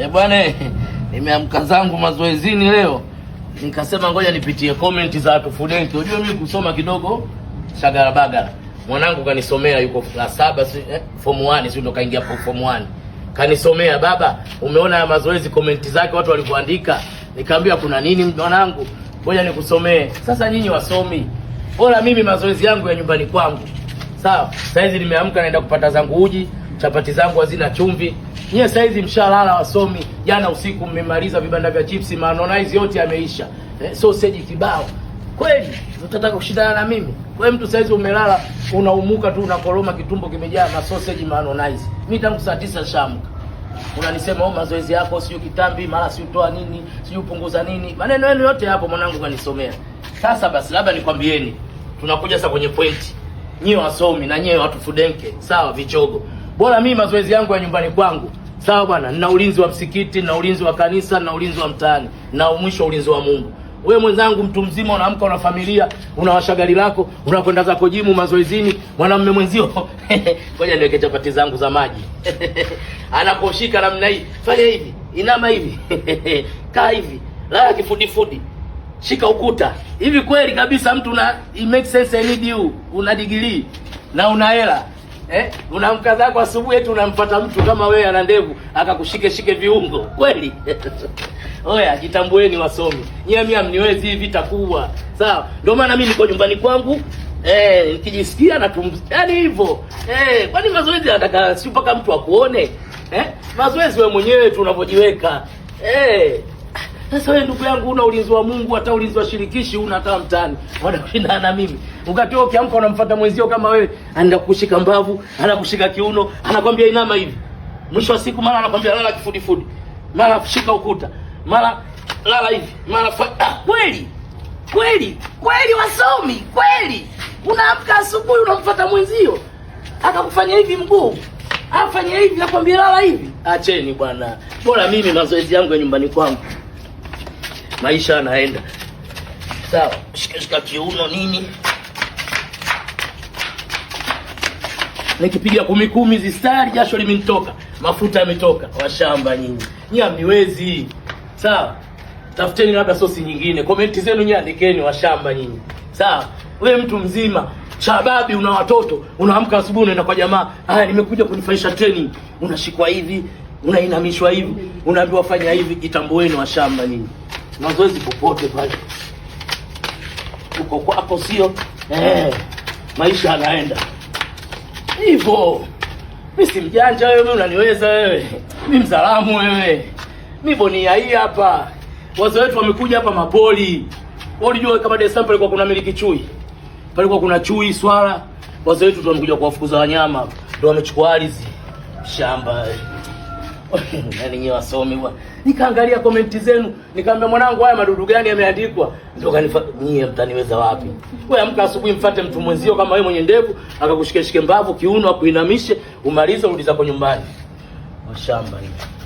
Eh bwana, nimeamka zangu mazoezini leo, nikasema ngoja nipitie comment za watu Fudenti. Unajua mimi kusoma kidogo shagara bagara. Mwanangu kanisomea yuko la saba si, eh, form 1 si ndo kaingia form 1. Kanisomea baba, umeona ya mazoezi comment zake watu walivyoandika. Nikamwambia kuna nini mwanangu? Ngoja nikusomee. Sasa nyinyi wasomi, bora mimi mazoezi yangu ya nyumbani kwangu. Sawa, saizi nimeamka naenda kupata zangu uji chapati zangu hazina chumvi. Nyie hizi mshalala wasomi, jana usiku mmemaliza vibanda vya chipsi, manonaizi yote yameisha, eh, sausage kibao. Kweli utataka kushindana na mimi? Wewe mtu saizi umelala unaumuka tu unakoroma, kitumbo kimejaa na masoseji manonaizi. Mi tangu saa tisa shamka unanisema oh, mazoezi yako sio kitambi, mara si utoa nini, si upunguza nini, maneno yenu yote hapo mwanangu kanisomea. Sasa basi, labda nikwambieni, tunakuja sasa kwenye pointi. Nyie wasomi na nyie watu fudenke, sawa vichogo bora mimi mazoezi yangu ya nyumbani kwangu sawa bwana, nina ulinzi wa msikiti, nina ulinzi wa kanisa, nina ulinzi wa mtaani, na mwisho ulinzi wa Mungu. We mwenzangu, mtu mzima, unaamka una familia, unawasha gari lako, unakwenda zako jimu, mazoezini. Mwanamume mwenzio, ngoja niweke chapati zangu za maji anakoshika namna hii, fanya hivi, inama hivi kaa hivi, lala kifudifudi, shika ukuta hivi. Kweli kabisa, mtu una it makes sense, I need you, una degree na una hela eh? Unaamka zako asubuhi eti unamfuata mtu kama wewe ana ndevu akakushike shike viungo kweli? Oya, jitambueni wasomi nyie, mimi amniwezi hivi vita kubwa, sawa? Ndio maana mimi niko nyumbani kwangu eh, nikijisikia tum yaani hivyo eh. Kwani mazoezi nataka si mpaka mtu akuone eh? Mazoezi wewe mwenyewe tu unapojiweka. eh. Sasa wewe ndugu yangu una ulinzi wa Mungu, hata ulinzi wa shirikishi una, hata mtani wanakushindana na mimi. Wakati wewe ukiamka unamfuata mwenzio kama wewe, anaenda kukushika mbavu, anakushika kiuno, anakwambia inama hivi. Mwisho wa siku mara anakwambia lala kifudifudi, mara shika ukuta, mara lala hivi, mara fa... ah, kweli kweli kweli, wasomi kweli. Unaamka asubuhi unamfuata mwenzio akakufanya hivi mguu afanye hivi, akwambia lala hivi. Acheni bwana, bora mimi mazoezi yangu ya nyumbani kwangu maisha anaenda sawa. Shikashika kiuno nini, nikipiga kumi kumi zistari, jasho limenitoka, mafuta yametoka. Washamba nyinyi, nyinyi hamniwezi sawa. Tafuteni labda sosi nyingine, komenti zenu nyinyi andikeni, washamba nyinyi sawa. Wewe mtu mzima shababi, una watoto, unaamka asubuhi, unaenda kwa jamaa, haya, nimekuja kunifanyisha training, unashikwa hivi unainamishwa hivi, unaambiwa fanya hivi. Jitambueni washamba nyinyi mazoezi popote pale, uko kwako, sio eh? Maisha yanaenda hivyo. Mi si mjanja, wewe unaniweza wewe, mi msalamu wewe, mi bonia hii hapa. Wazee wetu wamekuja hapa mapoli, walijua kama Dar es Salaam palikuwa kuna miliki chui, palikuwa kuna chui, swala. Wazee wetu wamekuja kuwafukuza wanyama, ndio wamechukua ardhi shamba. Nani nyewe wasomi bwana nikaangalia komenti zenu, nikamwambia mwanangu, haya madudu gani yameandikwa? Ndio kanifa nyie, mtaniweza wapi? Wewe amka asubuhi, mfate mtu mwenzio kama wewe mwenye ndevu akakushikeshike mbavu, kiuno, akuinamishe, umalize, urudi zako nyumbani. washamba hivi.